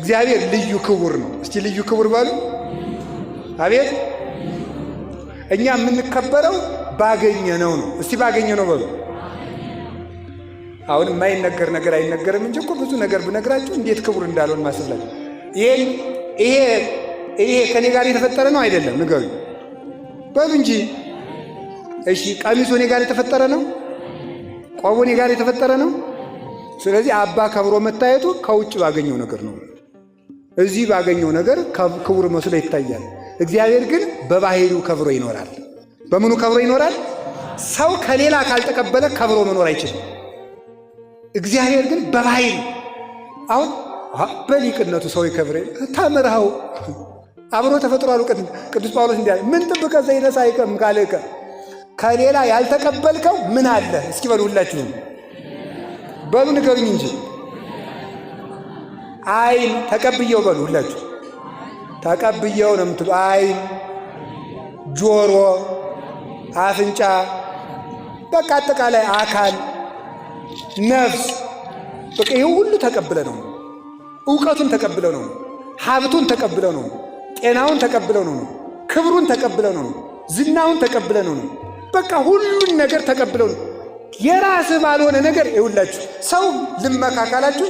እግዚአብሔር ልዩ ክቡር ነው። እስቲ ልዩ ክቡር በሉ። አቤት እኛ የምንከበረው ባገኘ ነው ነው። እስቲ ባገኘ ነው በሉ። አሁን የማይነገር ነገር አይነገርም እንጂ እኮ ብዙ ነገር ብነግራችሁ እንዴት ክቡር እንዳልሆን ማስብላችሁ። ይሄን ይሄ ይሄ ከኔ ጋር የተፈጠረ ነው አይደለም ንገሩ በሉ እንጂ እሺ። ቀሚሱ እኔ ጋር የተፈጠረ ነው፣ ቆቡ እኔ ጋር የተፈጠረ ነው። ስለዚህ አባ ከብሮ መታየቱ ከውጭ ባገኘው ነገር ነው። እዚህ ባገኘው ነገር ክቡር መስሎ ይታያል። እግዚአብሔር ግን በባህሪው ከብሮ ይኖራል። በምኑ ከብሮ ይኖራል? ሰው ከሌላ ካልተቀበለ ከብሮ መኖር አይችልም። እግዚአብሔር ግን በባህሪ አሁን በሊቅነቱ ሰው ይከብረ ታምርሃው አብሮ ተፈጥሮ እውቀት ቅዱስ ጳውሎስ እንዲ ምን ጥብቀ ዘይነሳ አይቀም ካልከ ከሌላ ያልተቀበልከው ምን አለ? እስኪ በሉ ሁላችሁም በሉ ንገሩኝ እንጂ አይን ተቀብየው በሉ ሁለቱ ተቀብየው ነው የምትሉ። አይን፣ ጆሮ፣ አፍንጫ በቃ አጠቃላይ አካል፣ ነፍስ በቃ ይህ ሁሉ ተቀብለ ነው። እውቀቱን ተቀብለ ነው። ሀብቱን ተቀብለ ነው። ጤናውን ተቀብለ ነው። ክብሩን ተቀብለ ነው። ዝናውን ተቀብለ ነው። በቃ ሁሉን ነገር ተቀብለው ነው። የራስ ባልሆነ ነገር ይውላችሁ ሰው ልመካ ካላችሁ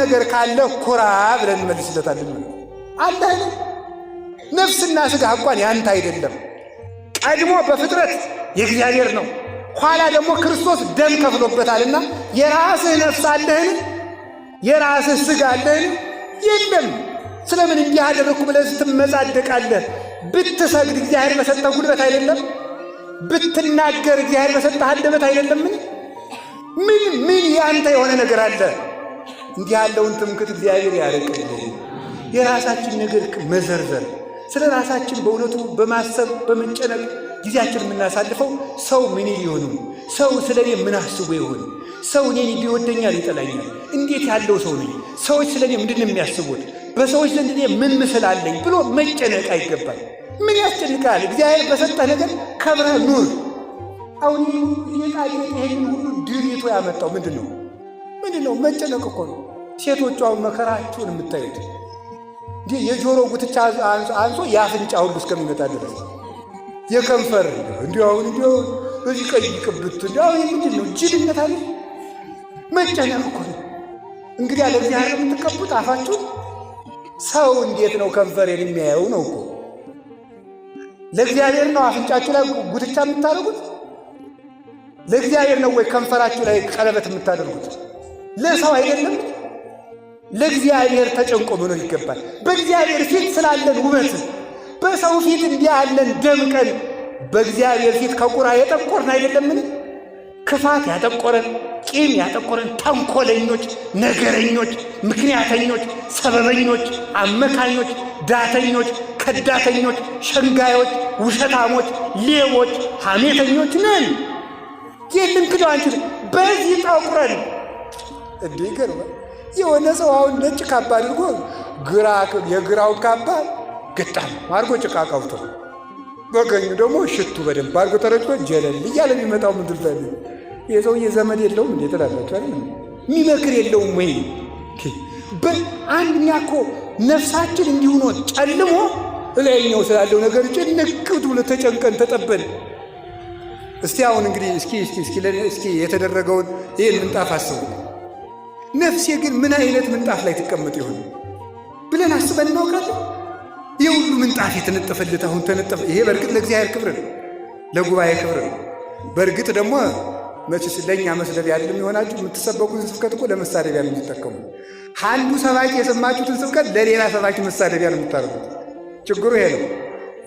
ነገር ካለ ኩራ ብለን እንመልስለታለን። አለ ነፍስና ስጋ እንኳን ያንተ አይደለም፣ ቀድሞ በፍጥረት የእግዚአብሔር ነው። ኋላ ደግሞ ክርስቶስ ደም ከፍሎበታልና የራስህ ነፍስ አለህን? የራስህ ስጋ አለህን? የለም። ስለምን እንዲህ አደረግኩ ብለህ ትመጻደቃለህ? ብትሰግድ እግዚአብሔር በሰጠው ጉልበት አይደለም ብትናገር እግዚአብሔር በሰጠህ አንደበት አይደለምን? ምን ምን ያንተ የሆነ ነገር አለ? እንዲህ ያለውን ትምክት እግዚአብሔር ያርቅልን። የራሳችን ነገር መዘርዘር፣ ስለ ራሳችን በእውነቱ በማሰብ በመጨነቅ ጊዜያችን የምናሳልፈው ሰው ምን ሊሆኑ፣ ሰው ስለ እኔ ምን አስቦ ይሆን፣ ሰው እኔን ቢወደኛል ይጠላኛል፣ እንዴት ያለው ሰው ነኝ፣ ሰዎች ስለ እኔ ምንድን የሚያስቡት፣ በሰዎች ዘንድ እኔ ምን ምስል አለኝ ብሎ መጨነቅ አይገባል። ምን ያስጨንቃል? እግዚአብሔር በሰጠህ ነገር ከብረህ ኑር። አሁን ጌጣጌጥ ይሄን ሁሉ ድሪቶ ያመጣው ምንድን ነው? ምንድን ነው? መጨነቅ እኮ ነው። ሴቶቹ አሁን መከራችሁን የምታዩት እንዲህ የጆሮ ጉትቻ አንሶ የአፍንጫ ሁሉ እስከሚመጣ ድረስ የከንፈር እንዲሁ አሁን እንዲ በዚህ ቀይ ቅብት እንዲ አሁን ምንድን ነው? ጅልነት አለ። መጨነቅ እኮ ነው። እንግዲህ አለ እግዚአብሔር የምትቀቡት አፋችሁ ሰው እንዴት ነው ከንፈሬን የሚያየው ነው እኮ ለእግዚአብሔር ነው አፍንጫችሁ ላይ ጉትቻ የምታደርጉት? ለእግዚአብሔር ነው ወይ ከንፈራችሁ ላይ ቀለበት የምታደርጉት? ለሰው አይደለም። ለእግዚአብሔር ተጨንቆ መኖር ይገባል። በእግዚአብሔር ፊት ስላለን ውበት በሰው ፊት እንዲህ ያለን ደምቀን በእግዚአብሔር ፊት ከቁራ የጠቆርን አይደለምን? ክፋት ያጠቆረን፣ ቂም ያጠቆረን፣ ተንኮለኞች፣ ነገረኞች፣ ምክንያተኞች፣ ሰበበኞች፣ አመካኞች፣ ዳተኞች፣ ከዳተኞች፣ ሸንጋዮች፣ ውሸታሞች፣ ሌቦች፣ ሐሜተኞች ነን። የትን ክደው አንችል በዚህ ጠቁረን እንዴ ገርበ የሆነ ሰው አሁን ነጭ ካባ አድርጎ ግራ የግራውን ካባ ግጣም አድርጎ ጭቃ ቀብቶ በገኙ ደግሞ ሽቱ በደንብ አድርጎ ተረጭቶ ጀለል እያለ የሚመጣው ምድር ላይ የሰውዬ ዘመድ የለውም እንዴ ትላላችሁ አይደል? የሚመክር የለውም ወይ? በአንድ እኮ ነፍሳችን እንዲሁኖ ጨልሞ እላይኛው ስላለው ነገር ጭንቅ ብሎ ተጨንቀን ተጠበን። እስቲ አሁን እንግዲህ እስኪ እስኪ እስኪ እስኪ የተደረገውን ይህን ምንጣፍ አስቡ። ነፍሴ ግን ምን አይነት ምንጣፍ ላይ ትቀመጥ ይሆን ብለን አስበን እናውቃለን? የሁሉ ምንጣፍ የተነጠፈለት አሁን ተነጠፈ። ይሄ በእርግጥ ለእግዚአብሔር ክብር ነው፣ ለጉባኤ ክብር ነው። በእርግጥ ደግሞ መችስ ለእኛ መስደብ ያለም የሆናችሁ። የምትሰበኩትን ስብከት እኮ ለመሳደቢያ ነው የምትጠቀሙ። አንዱ ሰባኪ የሰማችሁትን ስብከት ለሌላ ሰባኪ መሳደቢያ ነው የምታደርጉት። ችግሩ ይሄ ነው።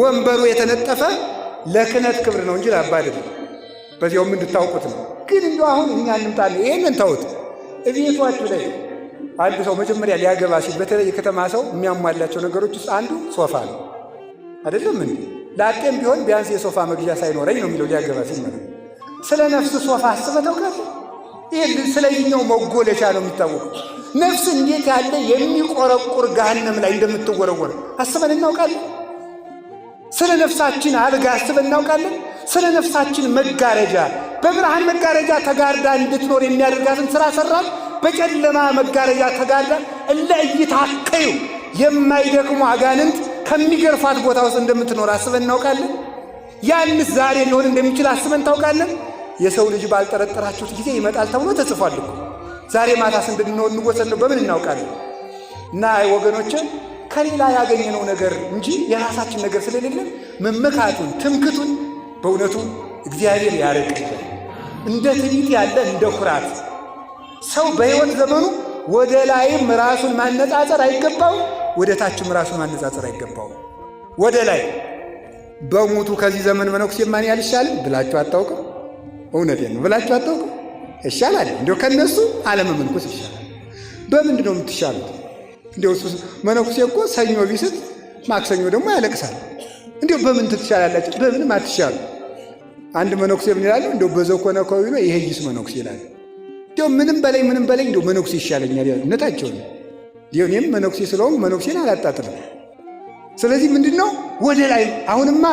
ወንበሩ የተነጠፈ ለክነት ክብር ነው እንጂ ላባ አይደለም። በዚያውም እንድታውቁት ነው። ግን እንደ አሁን እኛ እንምጣለ ይህንን ታውት እቤቷችሁ ላይ አንድ ሰው መጀመሪያ ሊያገባ ሲል በተለይ የከተማ ሰው የሚያሟላቸው ነገሮች ውስጥ አንዱ ሶፋ ነው። አይደለም እንዴ? ላጤም ቢሆን ቢያንስ የሶፋ መግዣ ሳይኖረኝ ነው የሚለው ሊያገባ ሲል ማለት ስለ ነፍስ ሶፋ አስበተው ቀር ይህ ስለኛው መጎለቻ ነው የሚታወቀው። ነፍስ እንዴት ያለ የሚቆረቁር ገሃነም ላይ እንደምትወረወር አስበን እናውቃለን። ስለ ነፍሳችን አልጋ አስበን እናውቃለን። ስለ ነፍሳችን መጋረጃ፣ በብርሃን መጋረጃ ተጋርዳ እንድትኖር የሚያደርጋትን ስራ ሰራል። በጨለማ መጋረጃ ተጋርዳ እለ እይታከዩ የማይደክሙ አጋንንት ከሚገርፋት ቦታ ውስጥ እንደምትኖር አስበን እናውቃለን። ያንስ ዛሬ ሊሆን እንደሚችል አስበን ታውቃለን። የሰው ልጅ ባልጠረጠራችሁት ጊዜ ይመጣል ተብሎ ተጽፏል እኮ። ዛሬ ማታስ እንድንሆን እንወሰን ነው በምን እናውቃለን? እና ወገኖችን ከሌላ ያገኘነው ነገር እንጂ የራሳችን ነገር ስለሌለን መመካቱን ትምክቱን በእውነቱ እግዚአብሔር ያርቅልን። እንደ ትዕቢት ያለ እንደ ኩራት ሰው በሕይወት ዘመኑ ወደ ላይም ራሱን ማነጻጸር አይገባው፣ ወደ ታችም ራሱን ማነጻጸር አይገባው። ወደ ላይ በሙቱ ከዚህ ዘመን መነኩሴ ማን ያልሻል ብላችሁ አታውቅም። እውነቴን ነው ብላችሁ አታውቅም? ይሻላል እንዲያው ከነሱ አለመመንኮስ ይሻላል። በምንድን ነው የምትሻሉት? እንዲያው መነኩሴ እኮ ሰኞ ቢስት ማክሰኞ ደግሞ ያለቅሳል። እንዲያው በምን ትሻላላችሁ? በምንም አትሻሉ። አንድ መነኩሴ ምን ይላሉ? እንዲያው በዘኮነ ከዊ ነው ይሄይስ መነኩሴ ይላሉ። እንዲያው ምንም በላይ ምንም በላይ እንዲያው መነኩሴ ይሻለኛል እነታቸው ነው። እንዲያው እኔም መነኩሴ ስለሆንኩ መነኩሴን አላጣጥልም። ስለዚህ ምንድን ነው ወደ ላይ አሁንማ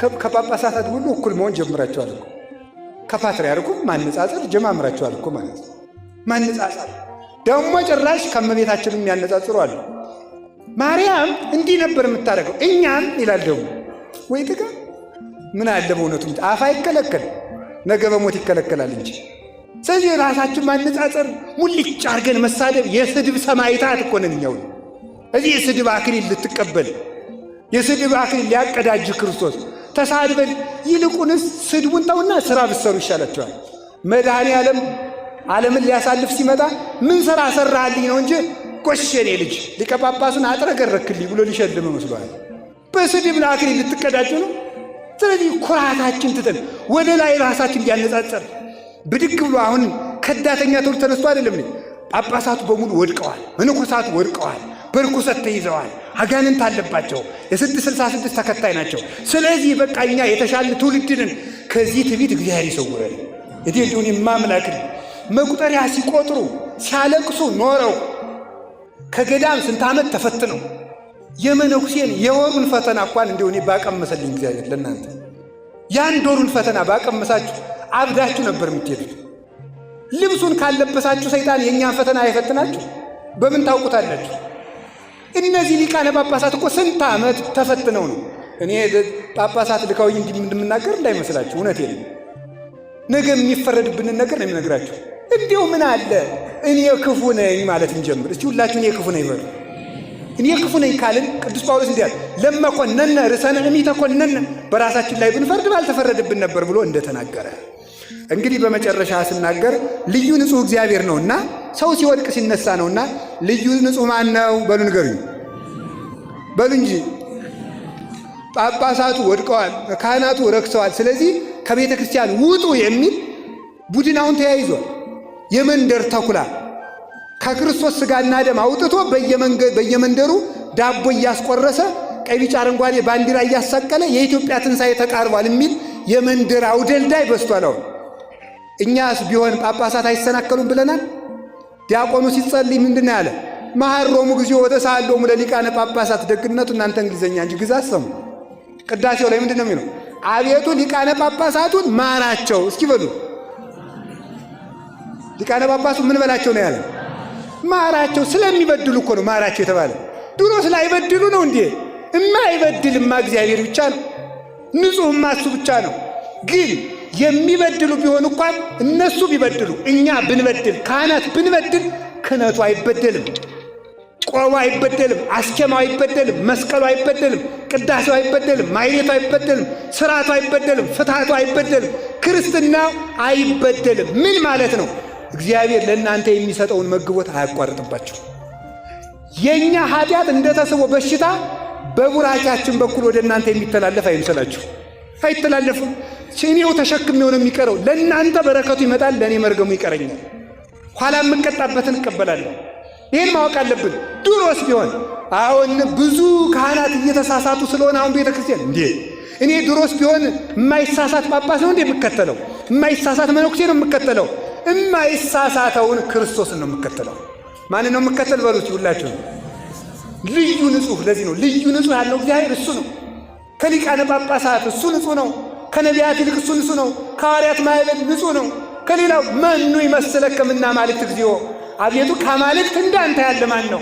ከጳጳሳታት ሁሉ እኩል መሆን ጀምራችኋል እኮ ከፓትርያርኩም ማነጻጸር ጀማምራችኋል እኮ ማለት ነው። ማነጻጸር ደግሞ ጭራሽ ከመቤታችንም ያነጻጽሩ አሉ። ማርያም እንዲህ ነበር የምታደርገው፣ እኛም ይላል ደግሞ ወይ ጥቃ ምን አለ በእውነቱ አፍ አይከለከል፣ ነገ በሞት ይከለከላል እንጂ። ስለዚህ ራሳችን ማነጻጸር ሙልጭ አድርገን መሳደብ የስድብ ሰማይታት እኮ ነን እኛው። እዚህ የስድብ አክሊል ልትቀበል የስድብ አክሊል ሊያቀዳጅ ክርስቶስ ተሳድበን ይልቁንስ ስድቡን ተውና ስራ ብሰሩ ይሻላቸዋል። መድኃኔ ዓለም ዓለምን ሊያሳልፍ ሲመጣ ምን ስራ ሰራህልኝ ነው እንጂ ጎሸኔ ልጅ ሊቀ ጳጳሱን አጥረገረክልኝ ብሎ ሊሸልም መስሏል። በስድብ አክሊል ልትቀዳጁ ነው። ስለዚህ ኩራታችን ትተን ወደ ላይ ራሳችን እንዲያነጻጸር ብድግ ብሎ አሁን ከዳተኛ ትውልድ ተነስቶ አይደለም ጳጳሳቱ በሙሉ ወድቀዋል፣ መነኮሳቱ ወድቀዋል፣ በርኩሰት ተይዘዋል። አጋንንት አለባቸው። የስድስት ስልሳ ስድስት ተከታይ ናቸው። ስለዚህ በቃ እኛ የተሻለ ትውልድንን ከዚህ ትቢት እግዚአብሔር ይሰውረን። እዲ እንዲሁን የማምላክን መቁጠሪያ ሲቆጥሩ ሲያለቅሱ ኖረው ከገዳም ስንት ዓመት ተፈትነው የመነኩሴን የወሩን ፈተና እንኳን እንዲሁን ባቀመሰልኝ እግዚአብሔር ለእናንተ ያን ወሩን ፈተና ባቀመሳችሁ አብዳችሁ ነበር የምትሄዱት። ልብሱን ካለበሳችሁ ሰይጣን የእኛን ፈተና አይፈትናችሁ። በምን ታውቁታላችሁ? እነዚህ ሊቃነ ጳጳሳት እኮ ስንት ዓመት ተፈትነው ነው። እኔ ጳጳሳት ልካውኝ እንግዲህ እንደምናገር እንዳይመስላችሁ፣ እውነት የለም። ነገ የሚፈረድብንን ነገር ነው የሚነግራችሁ። እንዲሁ ምን አለ እኔ ክፉ ነኝ ማለት እንጀምር እስቲ ሁላችሁ። እኔ ክፉ ነኝ በሉ። እኔ ክፉ ነኝ ካልን ቅዱስ ጳውሎስ እንዲያል ለመኮነነ ርዕሰነ እሚተኮነነ በራሳችን ላይ ብንፈርድ ባልተፈረድብን ነበር ብሎ እንደተናገረ እንግዲህ በመጨረሻ ስናገር ልዩ ንጹሕ እግዚአብሔር ነውና ሰው ሲወድቅ ሲነሳ ነውና ልዩ ንጹህ ማን ነው? በሉ ንገሩኝ፣ በሉ እንጂ። ጳጳሳቱ ወድቀዋል፣ ካህናቱ ረክሰዋል፣ ስለዚህ ከቤተ ክርስቲያን ውጡ የሚል ቡድን አሁን ተያይዟል። የመንደር ተኩላ ከክርስቶስ ስጋና ደም አውጥቶ በየመንደሩ ዳቦ እያስቆረሰ ቀይ፣ ቢጫ፣ አረንጓዴ ባንዲራ እያሳቀለ የኢትዮጵያ ትንሣኤ ተቃርቧል የሚል የመንደር አውደልዳይ በስቷል። አሁን እኛስ ቢሆን ጳጳሳት አይሰናከሉም ብለናል። ዲያቆኑ ሲጸልይ ምንድን ያለ መሐሮሙ ጊዜው ወተሳሃሎሙ ለሊቃነ ጳጳሳት። ደግነቱ እናንተ እንግሊዘኛ እንጂ ግዛት ሰሙ። ቅዳሴው ላይ ምንድን ነው የሚለው? አቤቱ ሊቃነ ጳጳሳቱን ማራቸው። እስኪ በሉ ሊቃነ ጳጳሱ ምን በላቸው ነው ያለ? ማራቸው። ስለሚበድሉ እኮ ነው ማራቸው የተባለ። ድሮ ስላይበድሉ ነው እንዴ? የማይበድልማ እግዚአብሔር ብቻ ነው። ንጹሕማ እሱ ብቻ ነው ግን የሚበድሉ ቢሆን እንኳን እነሱ ቢበድሉ እኛ ብንበድል ካህናት ብንበድል ክህነቱ አይበደልም፣ ቆቡ አይበደልም፣ አስኬማው አይበደልም፣ መስቀሉ አይበደልም፣ ቅዳሴው አይበደልም፣ ማይሌቱ አይበደልም፣ ስርዓቱ አይበደልም፣ ፍትሐቱ አይበደልም፣ ክርስትና አይበደልም። ምን ማለት ነው? እግዚአብሔር ለእናንተ የሚሰጠውን መግቦት አያቋርጥባቸው። የእኛ ኃጢአት ተስቦ በሽታ በቡራቂያችን በኩል ወደ እናንተ የሚተላለፍ አይምሰላችሁ፣ አይተላለፍም። ሲኒው ተሸክም የሆነ የሚቀረው ለእናንተ በረከቱ ይመጣል፣ ለእኔ መርገሙ ይቀረኛል። ኋላ የምቀጣበትን እቀበላለሁ። ይህን ማወቅ አለብን። ድሮስ ቢሆን አሁን ብዙ ካህናት እየተሳሳቱ ስለሆነ አሁን ቤተ ክርስቲያን እንዴ እኔ ድሮስ ቢሆን የማይሳሳት ጳጳስ ነው እንዴ የምከተለው? የማይሳሳት መነኩሴ ነው የምከተለው? የማይሳሳተውን ክርስቶስን ነው የምከተለው። ማን ነው የምከተል በሉት ሁላችሁ። ልዩ ንጹህ፣ ለዚህ ነው ልዩ ንጹህ ያለው እግዚአብሔር እሱ ነው። ከሊቃነ ጳጳሳት እሱ ንጹህ ነው። ከነቢያት ይልቅ እሱ ንጹህ ነው። ከሐዋርያት ማይበል ንጹህ ነው። ከሌላው መኑ ይመስለከ ማልክት እግዚኦ፣ አቤቱ ከአማልክት እንዳንተ ያለ ማን ነው?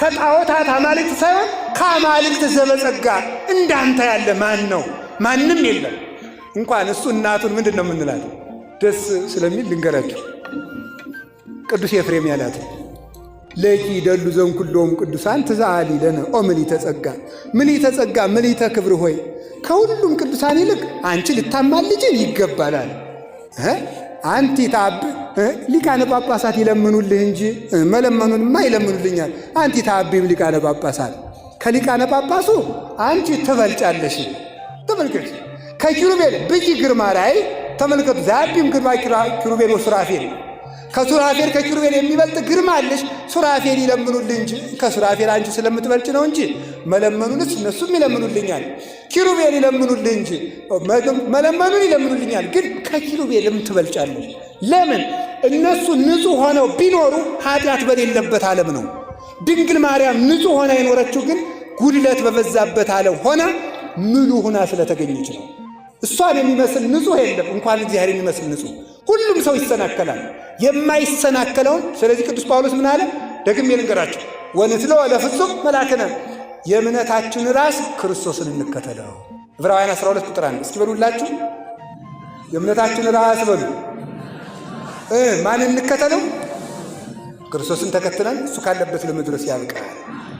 ከጣዖታት አማልክት ሳይሆን ከአማልክት ዘበጸጋ እንዳንተ ያለ ማን ነው? ማንም የለም። እንኳን እሱ እናቱን ምንድን ነው የምንላት? ደስ ስለሚል ልንገራችሁ ቅዱስ ኤፍሬም ያላት ለኪ ይደሉ ዘንኩሎም ቅዱሳን ትዛአሊ ለነ ኦ ምልዕተ ጸጋ ምልዕተ ጸጋ ምልዕተ ክብር ሆይ ከሁሉም ቅዱሳን ይልቅ አንቺ ልታማልጅን ይገባላል። አንቲ ታብ ሊቃነ ጳጳሳት ይለምኑልህ እንጂ መለመኑንማ ይለምኑልኛል። አንቲ ታቢም ሊቃነ ጳጳሳት ከሊቃነ ጳጳሱ አንቺ ትበልጫለሽ። ተመልከች ከኪሩቤል ብጂ ግርማ ላይ ተመልከቱ። ዛቢም ግርማ ኪሩቤል ወሱራፌል ከሱራፌል ከኪሩቤል የሚበልጥ ግርማ አለሽ። ሱራፌል ይለምኑልህ እንጂ ከሱራፌል አንቺ ስለምትበልጭ ነው እንጂ መለመኑንስ እነሱም ይለምኑልኛል። ኪሩቤል ይለምኑልህ እንጂ መለመኑን ይለምኑልኛል፣ ግን ከኪሩቤልም ትበልጫለሽ። ለምን? እነሱ ንጹሕ ሆነው ቢኖሩ ኃጢአት በሌለበት ዓለም ነው። ድንግል ማርያም ንጹሕ ሆና የኖረችው ግን ጉድለት በበዛበት ዓለም ሆና ምሉ ሁና ስለተገኘች ነው። እሷን የሚመስል ንጹሕ የለም። እንኳን እግዚአብሔር የሚመስል ንጹሕ ሁሉም ሰው ይሰናከላል። የማይሰናከለውን ስለዚህ ቅዱስ ጳውሎስ ምን አለ? ደግሜ ልንገራችሁ ወንትለ ለፍጹም መላክነ የእምነታችን ራስ ክርስቶስን እንከተለው። ዕብራውያን 12 ቁጥር 1 እስኪ በሉላችሁ። የእምነታችን ራስ በሉ ማን እንከተለው? ክርስቶስን ተከትለን እሱ ካለበት ለመድረስ ያብቃል።